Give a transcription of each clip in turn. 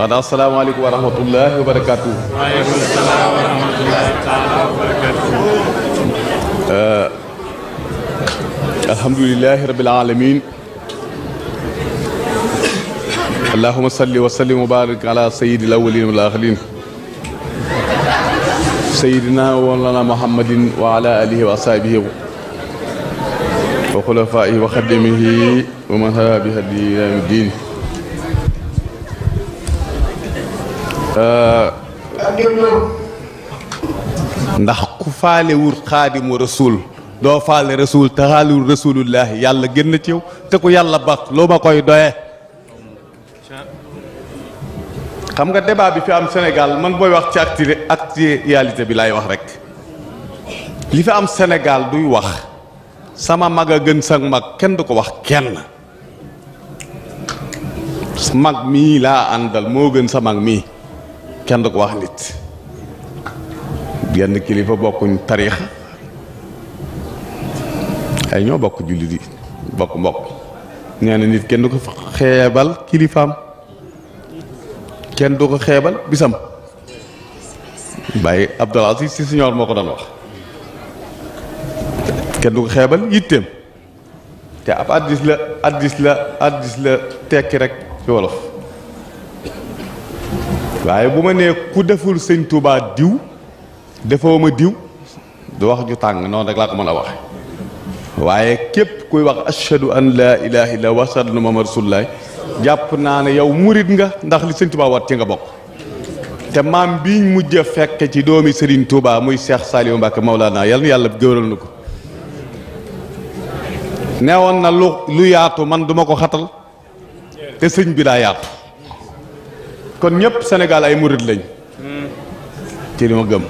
waxna asalaamaaleykum wa rahmatullahi wa barakaatu. waaleykum salaam wa rahmatullahi taala wa barakaatu. alhamdulilahi rabbil alamin allahuma salli wa sallim wa barik ala sayyidil awwalin wal axirin sayyidina wa lana muhammadin wa ala alihi wa ashabihi wa xulafaihi wa xadimihi wa man hada bi hadi yawmi diin ndax ku faale wul xaadimu rasul doo faale rasul te xaalewul rasulullahi yàlla génn ci yow te ku yàlla baax loo ma koy doyee. xam nga débat bi fi am Sénégal man booy wax ci acti actualité bi laay wax rek li fi am Sénégal duy wax sama mag a gën sa mag kenn du ko wax kenn. mag mii laa àndal moo gën sa mag mii. kenn du ko wax nit genn kilifa bokkuñ tariix ay ñoo bokk jullit yi bokk mbokk nee na nit kenn du ko xeebal kilifaam kenn du ko xeebal bisam bàyyi Abdul Aziz si siñoor moo ko doon wax kenn du ko xeebal yitteem te ab addis la addis la addis la tekki rek ci wolof waaye bu ma nee ku deful sëñ Touba diw defoo ma diw du wax ju tàng noonu rek laa ko mën a waxe waaye képp kuy wax ashhadu an laa ilaha illa wa ashhadu ma muhammadan rasulullah jàpp naa ne yow murit nga ndax li sëñ Touba wat ci nga bokk te maam biñ mujj a fekke ci doomi sëriñ Touba muy Cheikh Saliou Mbacke Maulana yal na yàlla gëwëral na ko neewoon na lu lu yaatu man duma ko xatal te sëñ bi daa yaatu kon ñëpp Sénégal ay murit lañ ci li ma gëm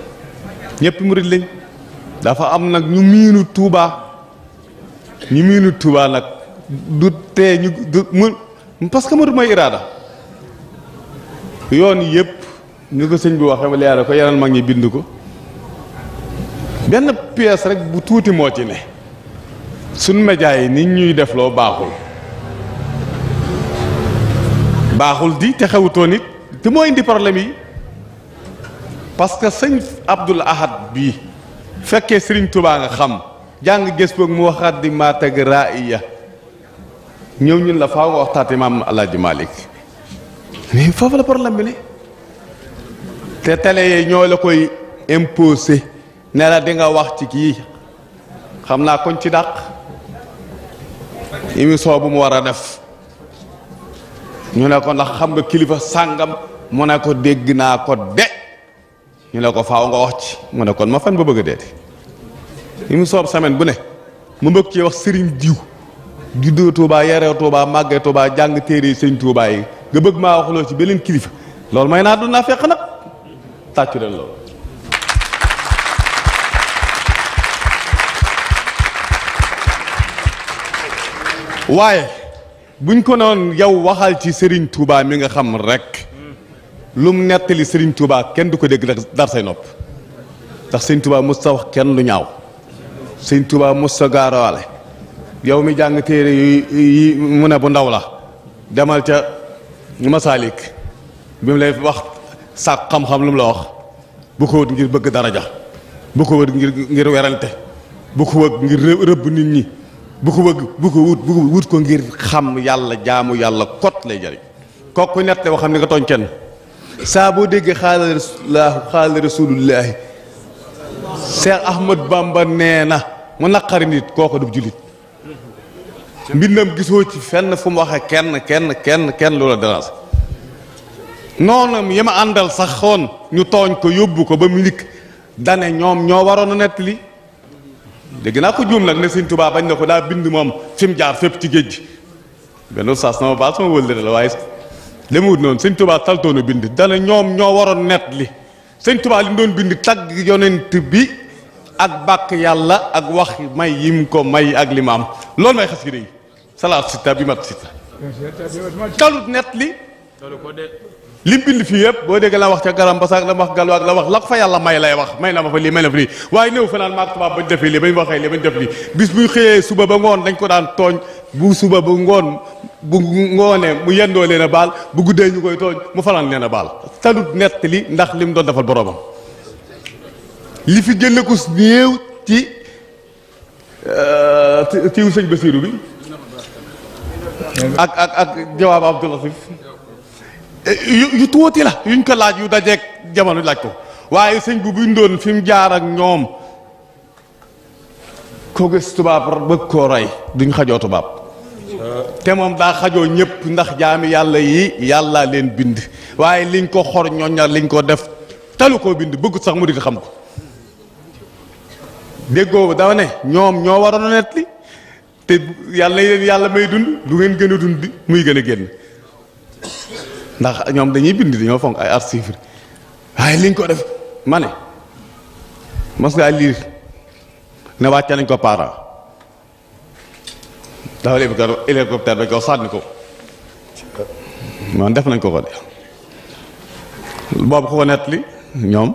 ñëpp murit lañ dafa am nag ñu miinu tuubaa ñu miinu Touba nag du tee ñu du mu parce que murit mooy iraada yoon yëpp ñu ko sëñ bi waxee ma leeral ko yeneen mag ñi bind ko benn pièce rek bu tuuti moo ci ne suñ média yi nit ñuy def loo baaxul baaxul di te xewutoo nit te moo indi problème yi parce que sëñ Abdul Ahad bii fekkee Sëriñ Tubaa nga xam jàng gës boog mu waxaat di maatag raaya ñëw ñun la faaw nga waxtaat imaam Alaaji Malik mais foofu la problème bi ne te télé yi ñoo la koy imposé ne la di nga wax ci kii xam naa koñ ci dàq émission bu mu war a def ñu ne ko ndax xam nga kilifa sàngam mu ne ko dégg naa ko de ñu ne ko faaw nga wax ci mu ne kon ma fan ba bëgg a deeti li mu soob semaine bu ne mu bëgg ci wax sëriñ diw juddoo Touba yaroo Touba màggee Touba jàng téere yi sëñ Touba yi nga bëgg maa waxloo ci beneen kilifa loolu may naa du naa fekk nag tàccu leen loolu waaye buñ ko noon yow waxal ci Serigne Touba mi nga xam rek lum nettali sëriñ Touba kenn du ko dégg dar say nopp ndax Serigne Touba mos sa wax kenn lu ñaaw Serigne Touba mos sa gaarawaale yow mi jàng téere mu ne bu ndaw la demal ca Masalik bi mu lay wax sàq xam-xam lu mu la wax bu ko wët ngir bëgg daraja bu ko wët ngir ngir werante bu ko wët ngir rëbb nit ñi. bu ko bëgg bu ko wut bu ko wut ko ngir xam yàlla jaamu yàlla kot lay jariñ kooku nett boo xam ne nga tooñ kenn saa boo déggee xaala laahu xaala rasulullaahi Cheikh Ahmad Bamba nee na mu naqari nit kooku du jullit mbindam gisoo ci fenn fu mu waxee kenn kenn kenn kenn loola dérange noonu yi àndal sax xoon ñu tooñ ko yóbbu ko ba mu dikk dane ñoom ñoo waroon a nettali dégg naa ko juum nag ne sëñ Tuubaa bañ na ko daa bind moom fi mu jaar fépp ci géej gi benn saas sama baa sama wëllëre la waaye li mu wut noonu sëñ Tuubaa saltoonu bind dana ñoom ñoo waroon net li sëñ Tuubaa li doon bind tagg yonent bi ak bàkk yàlla ak wax may yim ko may ak li ma am loolu may xas gi day salaat sitta bi mat sitta talut net li lim bind fii yëpp boo dégg la wax ca garam basaak la wax galwaak la wax la ko fa yàlla may lay wax may na ma fa lii may na fa lii waaye néew fa naan maag tubaab bañ defee lii bañ waxee lii bañ def lii bis suba ba ngoon dañ ko daan tooñ bu suba ba ngoon bu ngoonee mu yendoo leen a baal bu guddee ñu koy tooñ mu fanaan leen a baal talut nett li ndax lim doon defal boroomam li fi gën a ko néew ci tiw euh, sëñ Basiiru bi ak ak ak jawaab Abdou yu tuuti la yuñ ko laaj yu dajeeg jamono laaj ko waaye sëñ bu bindoon fi mu jaar ak ñoom ko gis tubaab bëgg koo roy duñ xajoo tubaab te moom daa xajoo ñëpp ndax jaami yàlla yi yàlla leen bind waaye liñ ko xor ñoññar liñ ko def talu koo bind bëggut sax mu di xam ko déggoo dafa ne ñoom ñoo waroon a net te yàlla leen yàlla may dund lu ngeen gën a dund muy gën a génn ndax ñoom dañuy bind dañoo fonk ay art chiffre waaye liñ ko def ma ne mas ngaa liir ne wàcce nañ ko parent dafa léegi ko hélicoptère ba ko sànni ko man def nañ ko ko de boobu ko ko nettali ñoom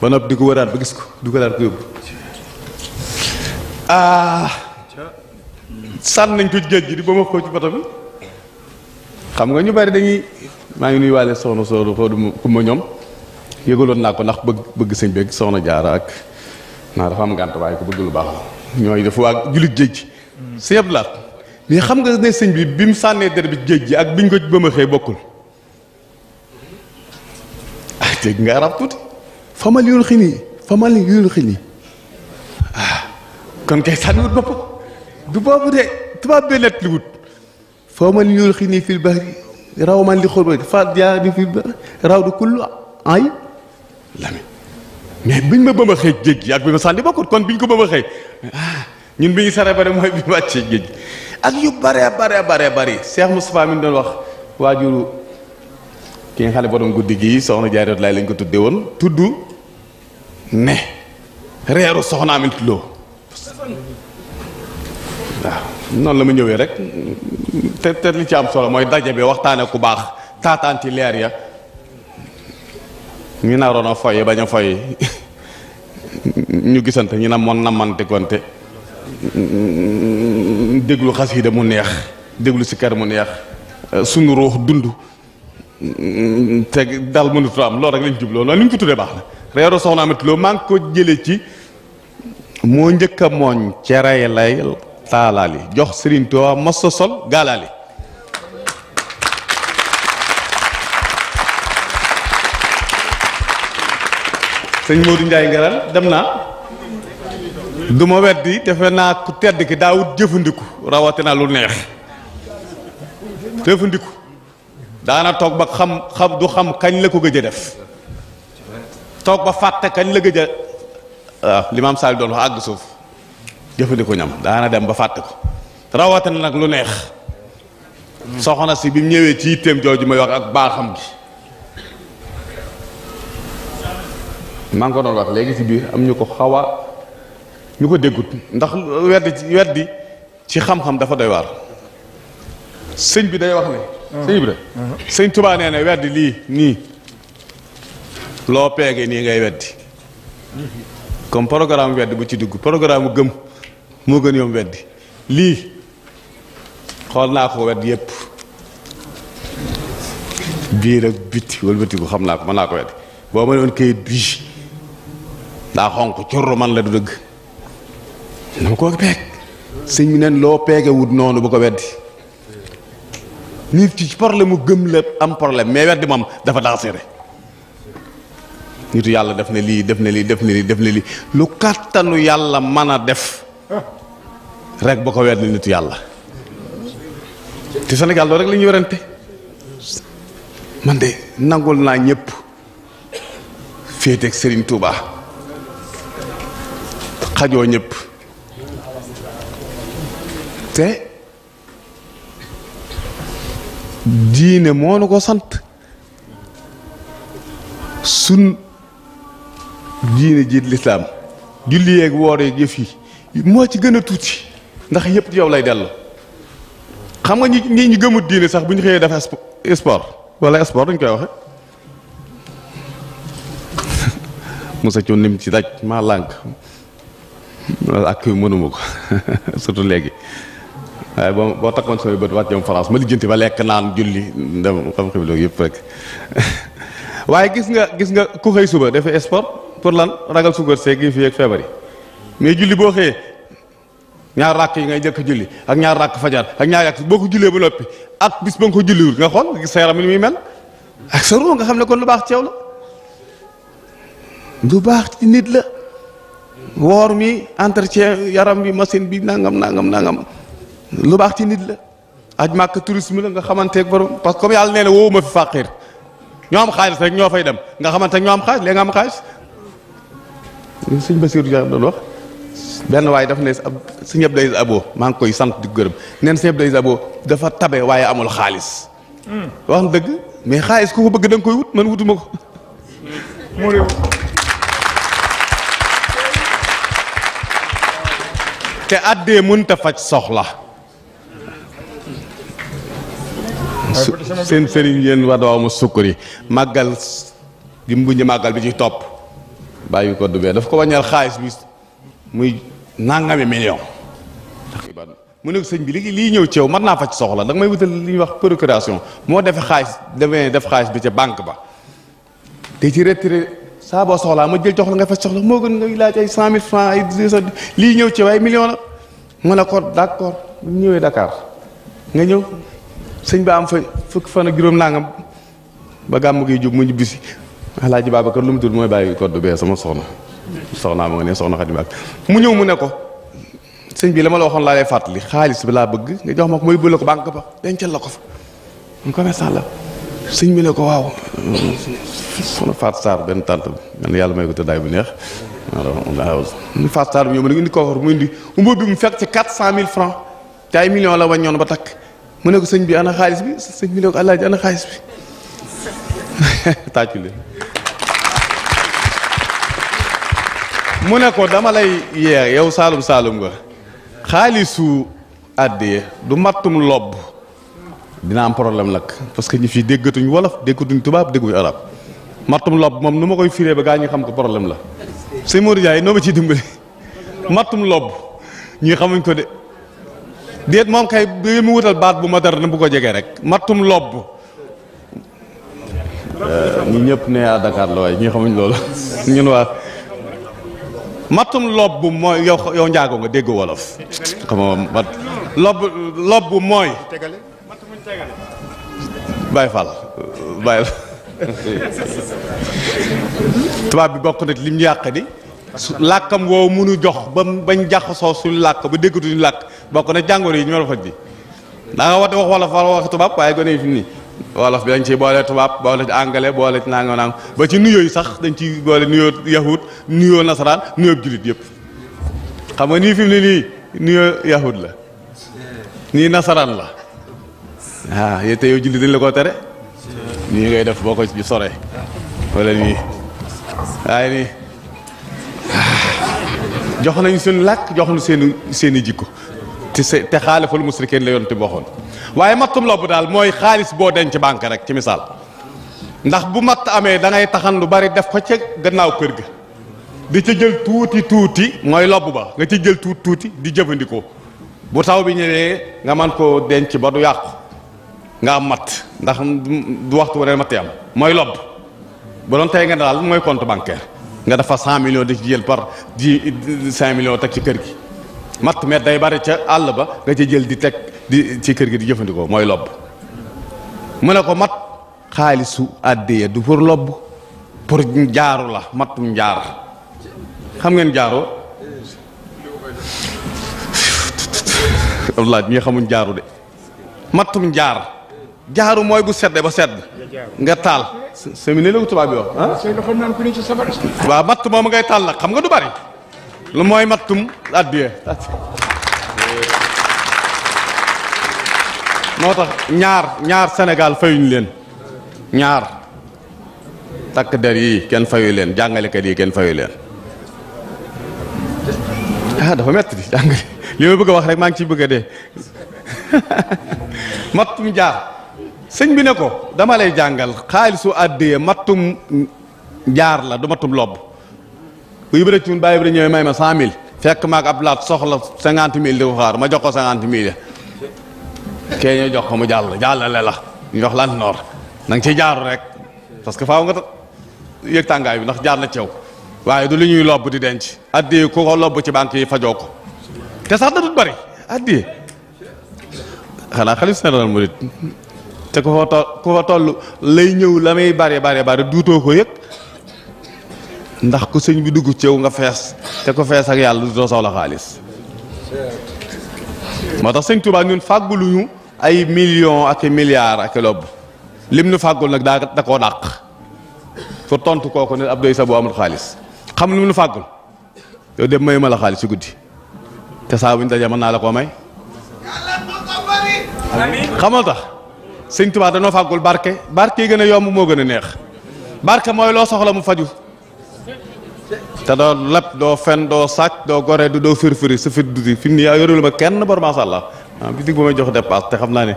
ba noppi di ko wëraat ba gis ko di ko yóbbu ah sànni nañ ko géej gi di ba ma ko ci bato xam nga ñu bari dañuy maa ngi nuyu waale soxna sooru xoodu kumba ñoom yëgaloon naa ko ndax bëgg bëgg sëñ beeg soxna jaara ak naa dafa am ngànt waaye ko bëgg baax la ñooy dafa waa julit géej gi hmm. si yëpp laat mais xam nga ne sëñ bi bi mu sànnee der bi géej gi ak biñ ko bëmëxee bokkul ah dégg nga arab tuuti famal yul xi nii famal yul xi nii ah, kon kay sànniwut bopp du boobu de tubaab bee nett li foo man yul xi nii fil bahri raw man li xurba faat jaa ni fil bahri raw du kullu ay lamin mais biñ ma bëma xëy géej ak bi ma sànni bokkut kon biñ ko bëma xëy ah, ñun bi ñu sare bare mooy bi wàccee géej gi ak yu bare bare bare bari Cheikh Moustapha mi doon wax waajuru ki nga xam ne borom guddi gii soxna jaay laay lañ ko tuddee woon tuddu ne reeru soxna amit loo waaw noonu la ma ñëwee rek te te li ci am solo mooy daje bi waxtaane ku baax ci leer ya ñu naroon a foy bañ a foy ñu gisante ñu na moon namante konte déglu xasiida mu neex déglu sikkar mu neex sunu ruux dund te dal mënut am loolu rek lañ jubloo loolu ni ñu ko tuddee baax na reeru soxna Amadou Lo maa ngi ko jëlee ci moo njëkk mooñ cere lay taalaali jox Serigne Touba mos sa sol gaalaali sëñ Modou Ndiaye ngaral dem naa du ma weddi defe naa ku tedd ki daawut jëfandiku rawatina lu neex jëfandiku daana toog ba xam xam du xam kañ la ko gëj def toog ba fàtte kañ la gëj a waaw li doon wax àgg suuf jëfandiku ñam daana dem ba fàtte ko rawatina nag lu neex soxna si bi ñëwee ci yitteem jooju may wax ak baaxam gi maa ko doon wax léegi ci biir am ñu ko xawa ñu ko déggut ndax weddi weddi ci xam-xam dafa doy waar sëñ bi day wax ne sëñ bi nee ne weddi lii nii loo peege nii ngay weddi comme programme weddi bu ci dugg programme gëm moo gën yomb weddi lii xool naa ko wedd yépp biir ak biti wëlbati ko xam naa ko mën naa ko weddi boo ma ne kayit bii daa xonq curru man la du dëgg dama ko peeg sëñ bi neen loo peege wut noonu bu ko weddi nit ci problème mu gëm la am problème mais weddi moom dafa dansere nitu yàlla def na lii def na lii def na lii def lu kàttanu yàlla mën a def rek boo ko weddi nitu yàlla te Sénégal loolu rek la ñuy werante man de nangul naa ñëpp féete sëriñ Serigne Touba xajoo ñëpp te diine moo nu ko sant sun diine jiit lislaam julli yeeg woor yeeg yëf yi moo ci gën a tuuti ndax yëpp yow lay dellu xam nga ñi ñi ñu gëmut diine sax bu ñu xëyee def sport wala sport dañ koy mu Moussa Thion mu ci daj maa lànk ak mënuma ko surtout léegi waaye boo boo takkoon samay bët wàcc yom France ma lijjanti ba lekk naan julli dem xam xib yëpp rek waaye gis nga gis nga ku xëy suba dafay sport pour lan ragal suukar see gi fii ak feebar mais julli boo xëyee ñaar ràkk yi ngay jëkk julli ak ñaar ràkk fajar ak ñaar yàq boo ko jullee ba noppi ak bis ba nga ko julliwul nga xool gis sa yaram li muy nga xam ne kon lu baax ci la lu baax ci nit la woor mi entretien yaram bi machine bi nangam nangam nangam lu baax ci nit la aj màkk tourisme la nga xamanteeg borom parce que comme yàlla nee woo woowu ma fi fàqiir ñoo am xaalis rek ñoo fay dem nga xamante ñoo am xaalis léegi am xaalis li sëñ Basiiru Jaxate doon wax benn waaye daf ne ab sëñ Abdou Aziz Abo maa ngi koy sant di gërëm neen sëñ Abdou Aziz Abo dafa tabe waaye amul xaalis hmm. wax na dëgg mais xaalis ku ko bëgg da koy wut man wutuma ko te àddee mënta faj soxla seen sëriñ yéen wax dawaa ma sukkuri màggal gi mbuñu màggal bi ci topp bàyyi ko dubee daf ko wàññeel xaalis bi muy nangami million mu ne sëñ bi li lii ñëw ceew mën naa faj soxla da nga may wutal li ñuy wax procuration moo defe xaalis demee def xaalis bi ca banque ba te ci retiré saaboo boo soxlaa ma jël jox la nga faj soxla moo gën ngay laaj ay cent mille francs ay deux cent lii ñëw ceew ay million la mu ne ko d'accord ñëwee Dakar nga ñëw sëñ ba am fa fukki fan juróom nangam ba gàmm gi jub mu ñu alaaji Babacar lu mu tudd mooy bàyyi code bee sama soxna soxnaa ma nga ne soxna Xadi Baak mu ñëw mu ne ko sëñ bi la ma la waxoon laa fàttali xaalis bi laa bëgg nga jox ma ko mooy bële ko banque ba dencal la ko fa mu commerçant la sëñ bi ne ko waaw soxna Fatou Sarr benn tante yàlla may ko tëddaay bu neex waaw Fatou Sarr bi ñëw mu ne indi koofar mu indi umbo bi mu fekk ci quatre cent mille francs te ay million la waññoon ba takk mu ne sëñ bi ana xaalis bi sëñ bi ne ko alaaji ana xaalis bi tàccu mu ne ko dama lay yeer yow saalum saalum nga xaalisu àddiye du mattum lobb dina am problème nag parce que ñi fii déggatuñ wolof déggatuñ tubaab dégguñu arab mattum lobb moom nu ma koy firee ba gaa ñi xam ko problème la sëñ Modou noo ma ciy dimbali mattum lobb ñi xamuñ ko de déet moom kay bi mu wutal baat bu ma moderne bu ko jegee rek mattum lobb euh, ñi ñëpp ne à Dakar la waaye ñi xamuñ loolu ñun waa mattum lob mooy yow njaago nga dégg wolof xam nga mat lob lob bu mooy bàyyi fall tubaab bi bokk na lim ñu yàq di làkkam woow munu jox ba bañ jaxasoo suñu làkk ba déggatuñu làkk bokk na jàngoor yi ñu war a bi da nga wax wax wolof wala wax tubaab waaye gone yi fi nii wolof bi dañ ci boole tubaab boole ci anglais boole ci nangam ba ci nuyoo yi sax dañ ci boole nuyoo yahud nuyoo nasaraan nuyoo julit yëpp xam nga nii fi mu ne nii nuyoo yahud la nii nasaraan la ah yow te yow jullit dañ la ko tere nii ngay def boo ko ci sore wala nii waaye nii ah. jox nañ seen lakk jox nañ seen seen jikko te se lu mu musrikiin la yoon ti waxoon waaye mattum la bu daal mooy xaalis boo denc banque rek ci misaal ndax bu matt amee dangay ngay taxan lu bari def ko ca gannaaw kër gi di ca jël tuuti tuuti mooy lobb ba nga ci jël tuuti tuuti di jëfandikoo bu taw bi ñëwee nga man koo denc ba du yàqu nga am matt ndax du waxtu wane matt am mooy lobb bu doon tey nga daal mooy compte bancaire nga defa 100 millions di ci jël par di 5 millions teg ci kër gi matt met day bari ca àll ba nga ca jël di teg di ci kër gi di jëfandikoo mooy lob mu ne ko mat xaalisu àddiya du pour lobb pour jaaru la mattum jaar xam ngeen jaaroo wallaahi ñi xamuñ jaaru de mattum jaar jaaru mooy bu sedd ba sedd nga taal seminé mu tubaab bi wax ah waa matt moom ngay taal nag xam nga du bari lu mooy mattum addiya moo tax ñaar ñaar Sénégal fayuñ leen ñaar takk der yii kenn fayu leen jàngalekat yi kenn fayu leen ah dafa metti di jàngale li ma bëgg a wax rek maa ngi ciy bëgg a dee mattum jaar sëñ bi ne ko dama lay jàngal xaalisu addiya mattum jaar la du mattum lobb bu Ibra Cuun bàyyi Ibra ñëwee may ma cent mille fekk maag ab laat soxla cinquante mille di ko xaar ma jox ko cinquante mille ya kee jox ko mu jàll jàllale la ñu jox lant noor na nga ciy jaaru rek parce que faaw nga yëg tàngaay bi ndax jaar na ceew waaye du li ñuy lobb di denc addi ku ko lobb ci banque yi fajoo ko te sax da dut bari addi xanaa xalif général murit te ku fa ku fa toll lay ñëw la may bare bare bare duutoo ko yëg ndax ku sëñ bi dugg cew nga fees te ko fees ak yàlla soo soxla xaalis moo tax sëñ Tuubaa ñun fàgguluñu ay millions ak milliards lim nu nag da koo dàq tontu kooku ne xaalis xam lu mu nu fàggul xaalis ci guddi te saa buñ dajee naa la koo may xamal tax sëñ Tuubaa danoo fàggul barke barke yi gën a yomb moo gën a neex barke mooy loo soxla mu faju te doo lap doo fen doo sàcc doo gore du doo firfiri sa fit du fi mu ne yaa yorelu ma kenn bor macha allah ah bitig may jox dépasse te xam naa ne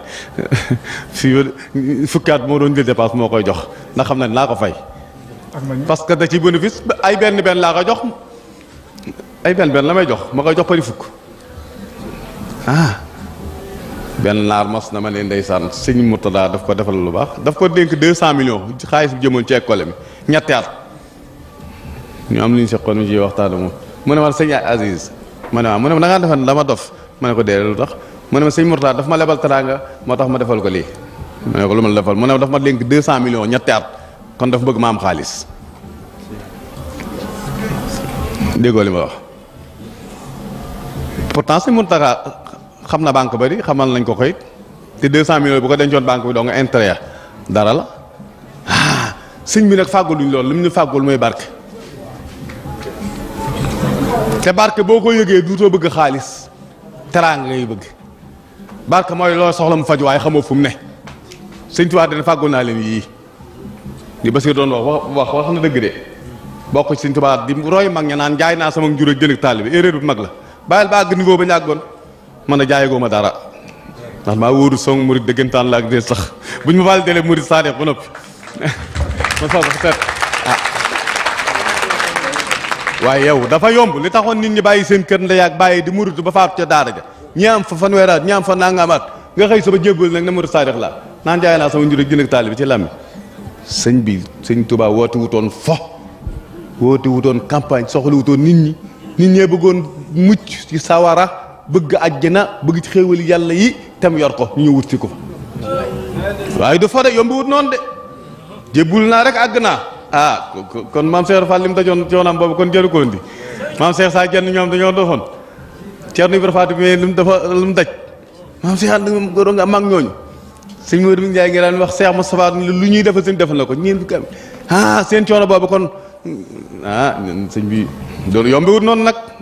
fii fukkaat moo doon jël dépasse moo koy jox ndax xam na ne naa ko fay. parce que da ci bénéfice ay benn benn laa ko jox ay benn benn la may jox ma koy jox pari fukk ah. benn naar mas na ma ne ndeysaan sëñ Murtada daf ko defal lu baax daf ko dénk 200 millions xaalis bi jëmoon ci école mi ñetti at ñu am lu ñu seqoon mu ciy waxtaanu moom ne ma sëñ Aziz ma ne ma mu ne ma da ngaa defoon dama dof ma ne ko dee lu tax mu ne ma sëñ Mourtada daf ma lebal teraanga moo tax ma defal ko lii. ma ne ko lu ma defal mu ne ma daf ma dénk deux cent millions ñetti kon daf bëgg ma am li ma wax pourtant mun Mourtada xam na banque bari xamal nañ ko koy te deux cent millions bu ko dencoon banque bi doo nga intérêt dara la ah sëñ bi nag fàggaluñ loolu li mu ñu fàggul mooy barke. te barke boo ko yëgee duutoo bëgg xaalis teraanga ngay bëgg barke mooy loo soxla mu faj waaye xamoo fu mu ne sëñ Tuubaa dana fàggoon naa leen yii li Basiir doon wax wax wax na dëgg de bokk ci sëñ Tuubaa di roy mag ña naan jaay naa sama njur ak jënd taalibe erreur bu mag la bàyyil ba àgg niveau ba ñàggoon man a jaayagoo ma dara ndax maa wóoru song murit dëggantaan la ak dee sax buñ ma baal delee murit saadee ba noppi man sax waaye yow dafa yomb li taxoon nit ñi bàyyi seen kër ndey ak bàyyi di murutu ba faatu ca daara ja ñi am fa fanweer at ñi am fa nangam at nga xëy sama jébbal nag na murit saadix laa naan jaay naa sama njur ak jënd ak taalibi ci làmmi sëñ bi sëñ Tuubaa woote wutoon fo woote wutoon campagne soxla wutoon nit ñi nit ñee bëggoon mucc ci sawara bëgg àjjana bëgg ci xéewal yàlla yi tam yor ko ñu ñëw wut si ko fa waaye du fa de yomb wut noonu de jébbul naa rek àgg naa ah kon maam Cheikh Fall li mu dajoon coonaam boobu kon jëru ko ndi maam Cheikh saa jenn ñoom dañoo doxoon daj maam Cheikh ànd nga góor nga mag ñooñu sëñ Modou Ndiaye ngi daan wax Cheikh lu ñuy defal sëñ defal na ko ñeen ah seen coono boobu kon ah bi loolu yombiwut noonu nag.